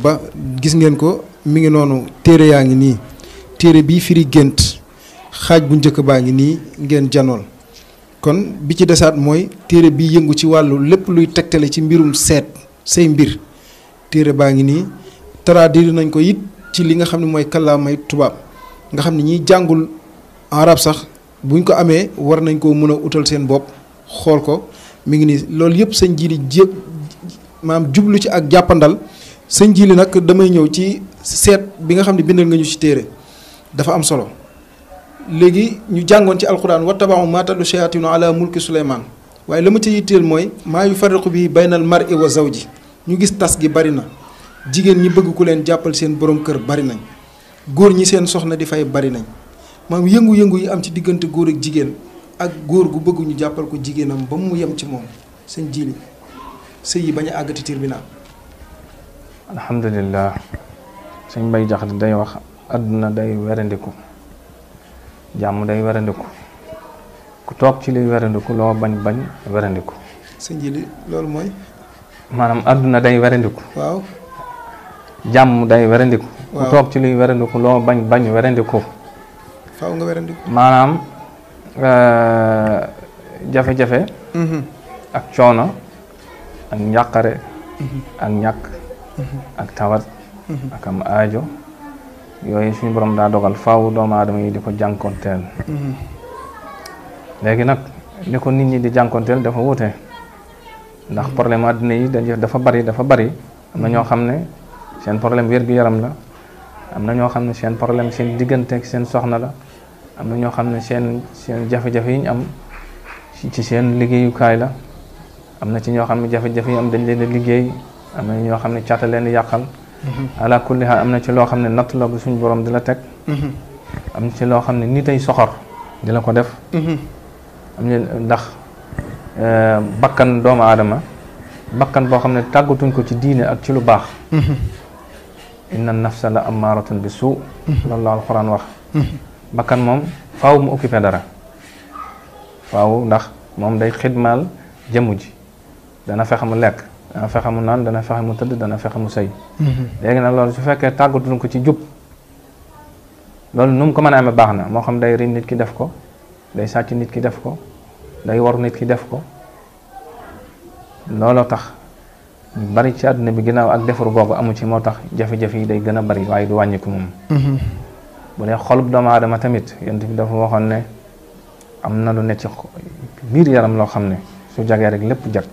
ba gis ngeen ko mi ngi noonu téere yaa ngi nii téere bii firi gént xaaj bu njëkk baa ngi nii ngeen janoon kon bi ci desaat mooy téere bi yëngu ci wàllu lépp luy tegtale ci mbirum seet say mbir téere baa ngi nii traduire nañ ko it ci li nga xam ne mooy kàllaamay tubaab nga xam ne ñi jàngul arab sax buñ ko amee war nañ koo mën a utal seen bopp xool ko mi ngi nii loolu yëpp sëñ ji di jéem maam jublu ci ak jàppandal sëñ jili nag damay ñëw ci seet bi nga xam ne bindal nga ñu ci téere dafa am solo léegi ñu jàngoon ci alxuraan wa tabaxu maa tatlu shayaatinu ala mulki suleymaan waaye la ma ci yitteel mooy maa yu farriqu bi baynal mar'i wa zawji ñu gis tas gi bari na jigéen ñi bëgg ku leen jàppal seen boroom kër bari nañ góor ñi seen soxna di fay bari nañ maam yëngu-yëngu yi am ci diggante góor ak jigéen ak góor gu bëgguñu jàppal ko jigéenam ba mu yem ci moom seen jili sëy yi bañ a àggati tribunal alhamdulilah sëñ bay Jaxate day wax àdduna day werandiku jàmm day werandiku ku toog ci liy werandiku loo bañ bañ werandiku. sëñ ji loolu mooy. maanaam àdduna day werandiku. waaw. jàmm day werandiku. ku toog ci liy werandiku loo bañ bañ werandiku. faaw nga werandiku. maanaam euh, jafe-jafe. Mhm. ak coono ak njàqare. Mhm. ak ñàkk. ak tawat ak aajo yooyu suñu borom daa dogal faaw doomu aadama yi di ko jànkonteel léegi nag li ko nit ñi di jànkonteel dafa wuute ndax problème àddina yi dañ dafa bari dafa bari am na ñoo xam ne seen problème wér yaram la am na ñoo xam ne seen problème seen diggante seen soxna la am na ñoo xam ne seen seen jafe-jafe yi ñu am ci seen liggéeyukaay la am na ci ñoo xam ne jafe-jafe yi am dañ leen a liggéey am na ñoo xam ne cata leen di yàqal mm-hmm. ala kulli haal am na ci loo xam ne natt la bu suñ borom di la teg mm-hmm. am ci loo xam ne nit ay soxor di la ko def mm-hmm. am na ndax euh, bakkan doomu aadama bakkan boo xam ne tàggatuñ ko ci diine ak ci lu baax inna nafsa la amaaratun bi suu lool la alxuraan wax bakkan moom faaw mu occupé dara faaw ndax moom day xidmaal jëmm ji dana fexe mu lekk dana fexe mu naan dana fexe mu tëdd dana fexe mu sëy mhm. léegi nag loolu su fekkee tàggatuñ ko ci jub loolu nu mu ko mën a amee baax na moo xam day riñ nit ki def ko day sàcc nit ki def ko day war nit ki def ko looloo tax bari ci àdduna bi ginnaaw ak defaru googu amu ci moo tax jafe-jafe yi day gën a bari waaye du wàññiku moom mhm. bu dee xolub doomu aadama tamit yonent bi dafa waxoon ne am na lu ne ci biir yaram loo xam ne su jagee rek lépp jag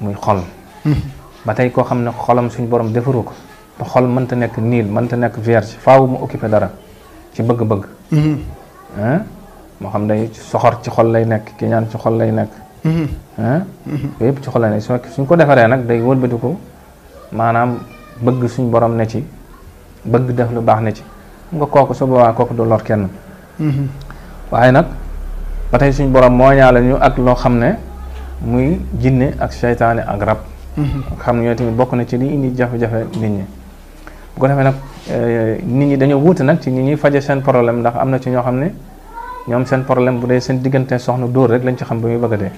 muy xol ba tey koo xam ne xolam suñ borom defaru ko te xol mënta nekk niil mënta nekk vierge faaw mu occupé dara ci bëgg-bëgg mm-hmm. moo xam day soxor ci xol lay nekk ki ñaan ci xol lay nekk mm-hmm. Mm-hmm. yëpp ci xol lay nekk suñ ko defaree nag day wëlbatiku maanaam bëgg suñ borom ne ci bëgg def lu baax ne ci nga kooku su boobaa kooku du lor kenn waaye nag ba suñ borom moo ñaale ñu ak loo xam ne muy jinne ak seytaane ak rab mm-hmm. xam ne tamit bokk na ci li indi jafe-jafe nit ñi bu ko defee nag eh, nit ñi dañoo wuute nag ci ñu ñuy faje seen problème ndax am na ci ñoo xam ne ñoom seen problème bu dee seen diggante soxna dóor rek lañ ci xam ba muy bëgg dee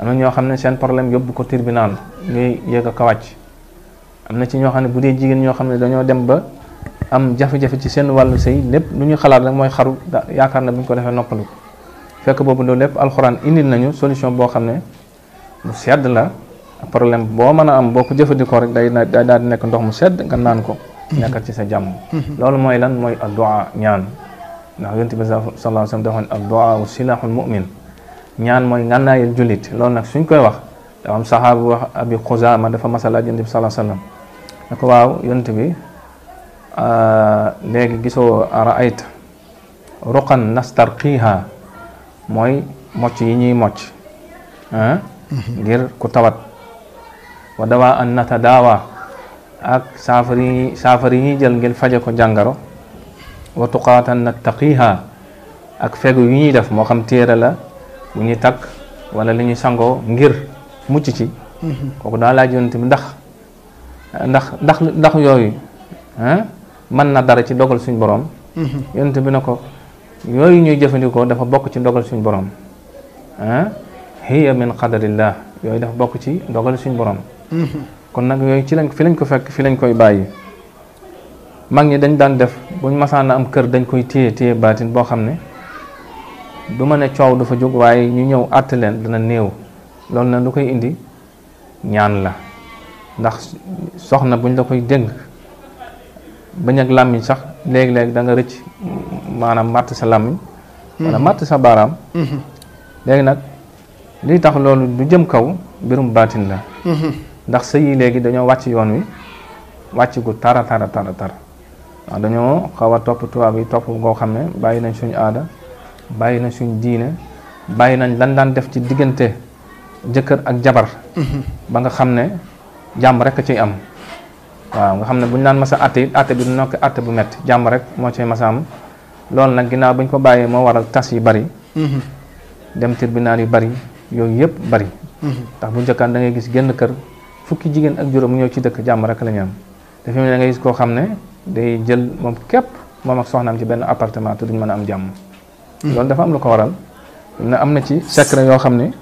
am na ñoo xam ne seen problème yóbbu ko tribunal ngay yéeg a ko am na ci ñoo xam ne bu dee jigéen ñoo xam ne dañoo dem ba am jafe-jafe ci seen wàllu sëy lépp lu ñuy xalaat rek mooy xaru yaakaar na bu ñu ko defee noppalu ko fekk boobu loolu lépp alxuraan indil nañu solution boo xam ne mu sedd la problème boo mën a am boo ko jëfandikoo rek day day di nekk ndox mu sedd nga naan ko. nekkal ci sa jàmm. loolu mooy lan mooy addu'a ñaan ndax yonent bi sallallahu alayhi wa sallam dafa ne addu'a ñaan mooy ngànnaayal jullit loolu nag suñ koy wax dafa am saxaabu wax abi xuzaama dafa masalaat yonent bi sallallahu alayhi wa waaw yonent bi euh, léegi gisoo ara'ayta ruqan nastarqiha mooy mocc yi ñuy mocc ah, mhm. ngir ku tawat wa dawaa an nata daawa ak saafar yi saafar yi ñuy jël ngir faje ko jàngaro wa tuqaatan nattaqiha ak fegu yu ñuy def moo xam téere la bu ñuy takk wala lu ñuy sangoo ngir mucc ci mhm. kooku daa laaj yonent bi ndax ndax ndax ndax yooyu ah, mën na dara ci dogal suñ boroom mhm. yonent bi na ko yooyu ñuy jëfandikoo dafa bokk ci ndogal suñu borom ah hiya min qadarillah yooyu dafa bokk ci ndogal suñu borom mm-hmm. kon nag yooyu ci lañ fi lañ ko fekk fi lañ koy bàyyi mag ñi dañ daan def buñ masaan am kër dañ koy téye téye baatin boo xam ne du ma ne coow dafa jóg waaye ñu ñëw àtt leen dana néew loolu nag lu koy indi ñaan la ndax soxna buñ la koy dénk bañ ak làmmiñ sax léegi-léegi da nga rëcc maanaam màtt sa làmmiñ wala mhm. màtt sa baaraam mhm. léegi nag li tax loolu du jëm kaw mbirum baatin la mhm. ndax sëy yi léegi dañoo wàcc yoon wi wàcc gu tara tara tara tara waaw dañoo xaw a topp tubaab yi topp goo xam ne bàyyi nañ suñu aada bàyyi nañ suñ diine bàyyi nañ lan daan def ci diggante jëkkër ak jabar ba nga xam ne jàmb rek a ciy am waaw nga xam ne bu ñu daan masa àtte it àtte bi du nekk àtte bu métti jàmm rek moo cay masa am loolu nag ginnaaw bu ñu ko bàyyee moo waral tas yu bari mm-hmm. dem tribunal yu bari yooyu yëpp bari mm-hmm. ndax bu njëkkaan da ngay gis genn kër fukki jigéen ak juróom ñëw ci dëkk jàmm rek la ñu am dafa mel ne da gis koo xam ne day jël moom képp moom ak soxnaam ci benn appartement te duñ mën a am jàmm mm-hmm. loolu dafa am la ko waral na am na ci secret yoo xam ne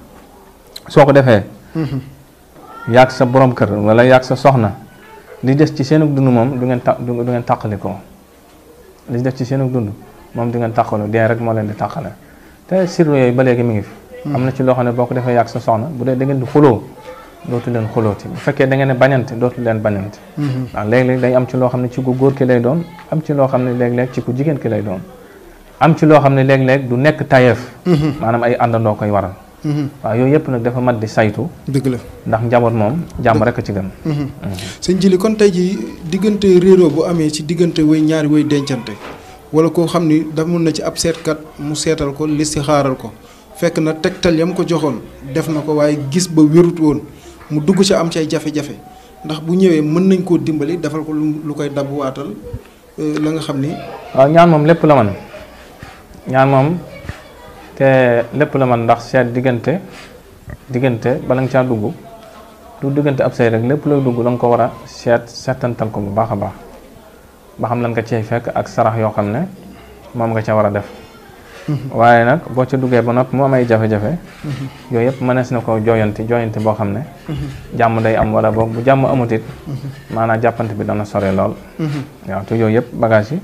soo ko defee yaag sa borom kër wala yaag sa soxna li des ci seenug dund moom du ngeen ta du ngeen ko li des ci seenug dund moom du ngeen tàqalu dee rek moo leen di tàqale te sirru yooyu ba léegi mi ngi fi hmm. am na ci loo xam ne boo ko defee yàgg sa soxna bu dee da ngeen di xuloo dootu leen xulooti bu fekkee da ngeen ne bañante dootu leen bañante ndax hmm. léeg-léeg day am ci loo xam ne ci ku góor ki lay doon am ci loo xam ne léeg-léeg ci ku jigéen ki lay doon am ci loo xam ne léeg-léeg du nekk tayeef hmm. maanaam ay àndandoo koy waral Mm-hmm. waaw yooyu yëpp nag dafa mat di saytu. dëgg la ndax njaboot moom jàmm rek a ci gën. Mm-hmm. Mm-hmm. sëñ Jili kon tey jii diggante réeróo bu amee ci diggante way ñaari way dencante wala koo xam ni da mun na ci ab seetkat mu seetal ko li si xaaral ko fekk na tegtal yam ko joxoon def na ko waaye gis ba wérut woon mu dugg ci am ci ay jafe-jafe ndax bu ñëwee mën nañ koo dimbali defal ko lu koy dabuwaatal euh, la nga xam ni. waaw ñaan moom lépp la man ñaan moom. te lépp la man ndax seet diggante diggante bala nga caa dugg du diggante ab say rek lépp looy dugg da nga ko war a seet seetantal ko bu baax a baax ba xam lan nga cey fekk ak sarax yoo xam ne moom nga ca war a def mm-hmm. waaye nag boo ca duggee ba noppi mu am ay jafe-jafe mm-hmm. yooyu yëpp mënees na ko jooyanti jooyanti boo xam ne mm-hmm. jàmm day am wala boog bu jàmm amut it maanaam jàppante bi dana sore lool waaw te yooyu yëpp bagage yi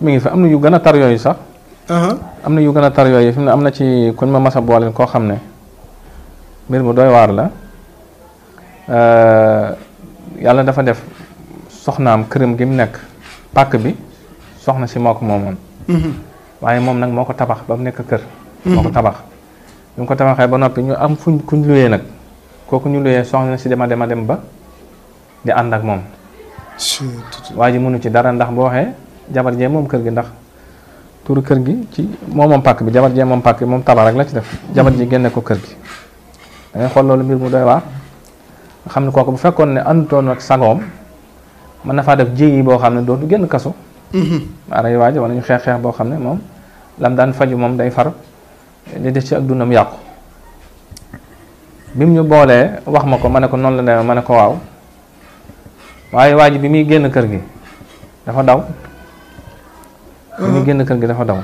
mi ngi fi am na yu gën a tar yooyu sax Uh-huh. am na yu gën a tar yooyu fi mu ne am na ci kuñ ma mas a booleel koo xam ne mbir mu doy waar la uh, yàlla dafa def soxnaam këram gi mu nekk pàkk bi soxna si mook ko moomoon mm-hmm. waaye moom nag moo ko tabax ba mu nekk kër mm-hmm. moo ko tabax ko tabaxee ba noppi ñu am fuñ kuñ luyee nag kooku ñu luyee soxna si dema dema dem ba di ànd ak moom waa ji mënu ci dara ndax boo waxee jabar jee moom kër gi ndax turu kër gi ci moo moom pàkk bi jabar jee moom pàkk bi moom tabax rek la ci def jabar ji génne ko kër gi da ngay xool loolu mbir mu doy waar nga xam bu fekkoon ne àndutoon ak mën na faa def jéyi boo xam ne dootu génn kaso mm-hmm. aray waaji wala ñu xeex xeex boo xam ne moom lam daan faju moom day far li des ci ak yàqu bi mu ñu boolee wax ma ko ma ne ko noonu la ne ma ne ko waaw waaye waa bi muy génn kër gi dafa daw ñu euh, génn kër gi dafa daw.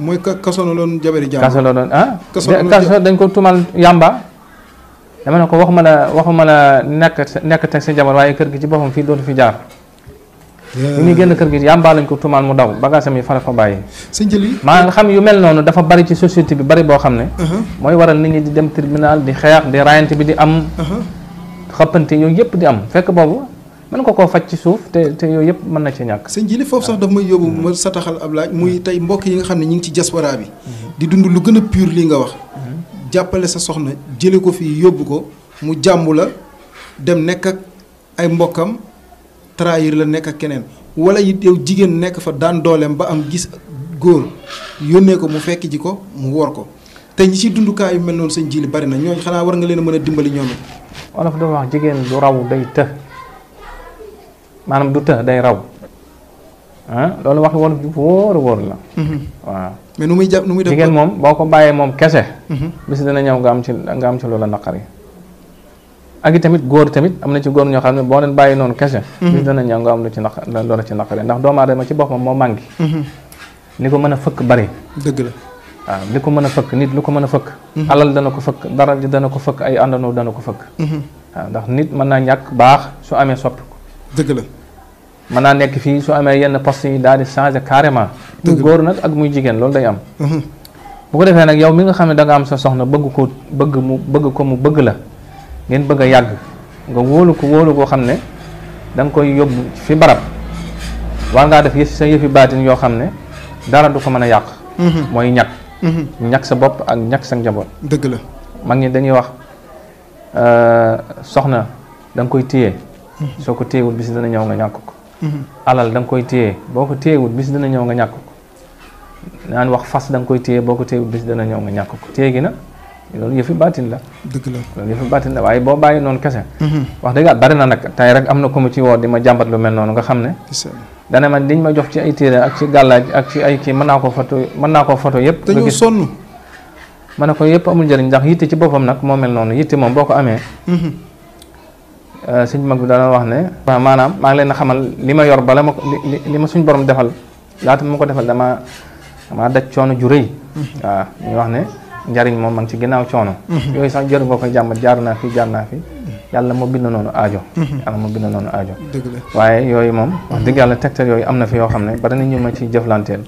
mooy kaso la doon jabari jàmbur kaso la doon ah. kaso dañ ko tumal yàmba. dama ne ko waxuma la waxuma la nekk nekk teg sa jabar waaye kër gi ci boppam fii dootu fi jaar. Euh. bu ñuy génn kër gi yàmbaa lañ ko tumaal mu daw bagaasam yi fa la fa bàyyi. sëñ Jëli maa nga xam yu mel noonu dafa bari ci société bi bari boo xam ne. Uh-huh. mooy waral nit ñi di dem tribunal di xeex di raayante bi di am. Uh-huh. xëppante yooyu yëpp di am fekk boobu. mën ko koo faj ci suuf te te yooyu yëpp mën na ci ñàkk sëñ ji li foofu sax daf may yóbbu mm-hmm. ma sataxal ab laaj muy mm-hmm. tey mbokk yi nga xam ne ñu ngi ci diaspora bi mm-hmm. di dund lu gën a pur lii nga wax jàppale sa soxna jële ko fii yóbbu ko mu jàmbu la dem nekk ak ay mbokkam trahir la nekk ak keneen wala it yow jigéen nekk fa daan dooleem ba am gis góor yónnee ko mu fekk ji ko mu wor ko te ñi ci dundukaay yu mel noonu sëñ ji li bari na ñooñ xanaa war nga leen mën a dimbali ñoom it wax jigéen du raw day maanaam du të day raw ah loolu wax wolof ju wóor a wóor la. Mm-hmm. waaw mais nu muy jàpp nu muy def jigéen moom boo ko bàyyee moom kese. Mm-hmm. bis dana ñëw nga am ci nga am ci loola ak i tamit góor tamit am na ci góor ñoo xam ne boo leen bàyyi noonu kese. Mm-hmm. bis dana ñëw nga am lu ci naq loola ci naqari ndax doomu aadama ci boppam moo màngi. li ko mën a fëkk bari. dëgg la waaw li ko mën a fëkk nit lu ko mën a fëkk. alal dana ko fëkk dara ji dana ko fëkk ay àndandoo dana ko fëkk. waaw ndax nit mën naa dëgg la mën naa nekk fii su amee yenn poste yi daal di changé carrément muy góor nag ak muy jigéen loolu day am mhm. bu ko mi nga xam ne da nga am sa soxna bëgg ko bëgg mu bëgg mu bëgg la ngeen bëgg a yàgg nga wóolu ko wóolu da nga koy fi barab war ngaa def sa yëfi yoo xam ne du ko mën a yàq mhm. mooy ñàkk mhm. ñàkk sa bopp ak ñàkk sa njaboot dëgg la mag ñi dañuy wax euh, soxna da nga koy téye soo ko téyewul bis dana ñëw nga ñàkk ko alal da koy téye boo ko téyewul bis dana ñëw nga ñàkk ko naan wax fas da koy téye boo ko téyewul bis dana ñëw nga ñàkk ko téye gi na loolu yëfi baatin la dëgg la loolu yëfi baatin la waaye boo bàyyi noonu kese mhm. wax dëgg bari na nag tey rek am na ko mu ci woo di ma jàmbat lu mel noonu nga xam ne dana man diñ ma jox ci ay téere ak ci gàllaaj ak ci ay kii mën naa ko photo mën naa koo foto yëpp dañu sonn ma ne ko yëpp amul njëriñ ndax yitte ci boppam nag moo mel noonu moom boo ko amee mhm. Euh, suñ mag bi daana wax ne maanaam maa ngi leen xamal li ma yor bala ma li ma suñ borom defal laata ma ko defal dama dama daj coono ju rëy waaw ñu wax ne njariñ moom ma ci ginnaaw coono yooyu sax jër nga koy jàmbat jaar naa fi jaar naa fi yàlla moo bind noonu aajo yàlla moo bind noonu aajo waaye yooyu moom wax dëgg yàlla tegtal yooyu am na fi yoo xam ne bari na ñu ma ci jëflanteel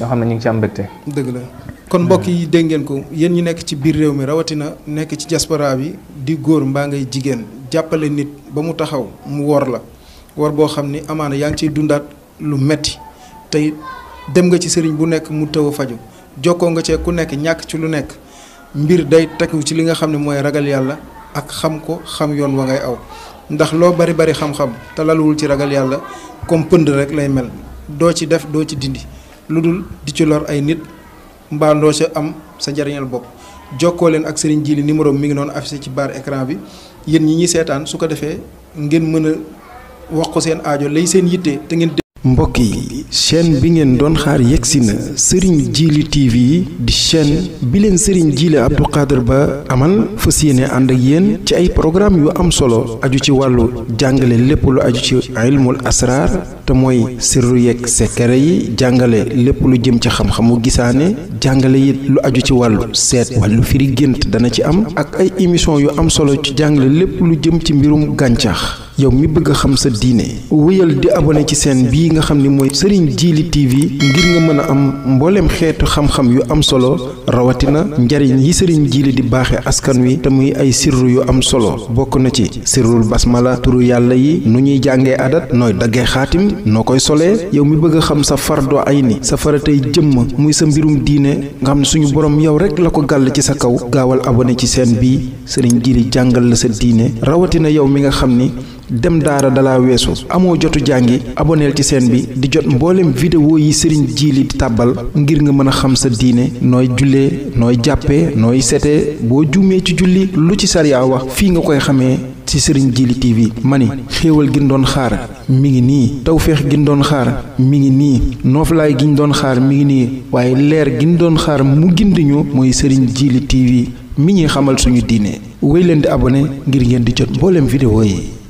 yoo xam ne ñu ngi ci am mbégte dëgg la kon mbokk yi dégg ngeen ko yéen ñu nekk ci biir réew mi rawatina nekk ci diaspora bi di góor mbaa ngay jigéen jàppale nit ba mu taxaw mu wor la wor boo xam ni amaana yaa ngi ciy dundaat lu metti tey dem nga ci sëriñ bu nekk mu tëw faju jokkoo nga cee ku nekk ñàkk ci lu nekk mbir day tegu ci li nga xam ne mooy ragal yàlla ak xam ko xam yoon wa ngay aw ndax loo bari bari xam-xam te laluwul ci ragal yàlla comme pënd rek lay mel doo ci def doo ci dindi lu dul di ci lor ay nit mbaa ndoo sa am sa njariñal bopp jokkoo leen ak Serigne Djily numéro mi ngi noonu affiché ci barre écran bi yéen ñi ñuy seetaan su ko defee ngeen mën a wax ko seen aajo lay seen yitte te ngeen. mbokk yi chaîne bi ngeen doon xaar yegsi na Serigne Djily TV di chaîne bi leen Serigne Djily Abdou Khadr Ba amal fas yéene ànd ak yéen ci ay programme yu am solo aju ci wàllu jàngale lépp lu aju ci ilmul asraar te mooy sirru yeeg sekkare yi jàngale lépp lu jëm ci xam-xamu gisaane jàngale it lu aju ci wàllu seet wàllu firi gént dana ci am ak ay émission yu am solo ci jàngale lépp lu jëm ci mbirum gàncax yow mi bëgg xam sa diine wéyal di abonné ci seen bii nga xam ni mooy Serigne Djily TV ngir nga mën a am mbooleem xeetu xam-xam yu am solo rawatina njariñ yi Serigne Djily di baaxe askan wi te muy ay sirru yu am solo bokk na ci sirrul basmala turu yàlla yi nu ñuy jàngee adat nooy dagge xaatim noo koy solee yow mi bëgg a xam sa fardo ay ni sa jëm jëmm muy sa mbirum diine nga xam ne suñu borom yow rek la ko gàll ci sa kaw gaawal abone ci seen bii Serigne Djily jàngal la sa diine rawatina yow mi nga xam ni dem daara dala weesu amoo jotu jàngi aboneel ci seen bi di jot mbooleem vidéo yi sëriñ jiili li tàbbal ngir nga mën a xam sa diine nooy julle nooy jàppe nooy sete boo juumee ci julli lu ci sariya wax fii nga koy xamee ci sëriñ jiili tv mani xéewal gi ñu doon xaar mi ngi nii tawféex gi ñu doon xaar mi ngi nii nooflaay gi ñu doon xaar mi ngi nii waaye leer gi ñu doon xaar mu gindiñu mooy sëriñ jiili tv mi ñuy xamal suñu diine wéy leen di abonné ngir ngeen di jot mbooleem vidéo yi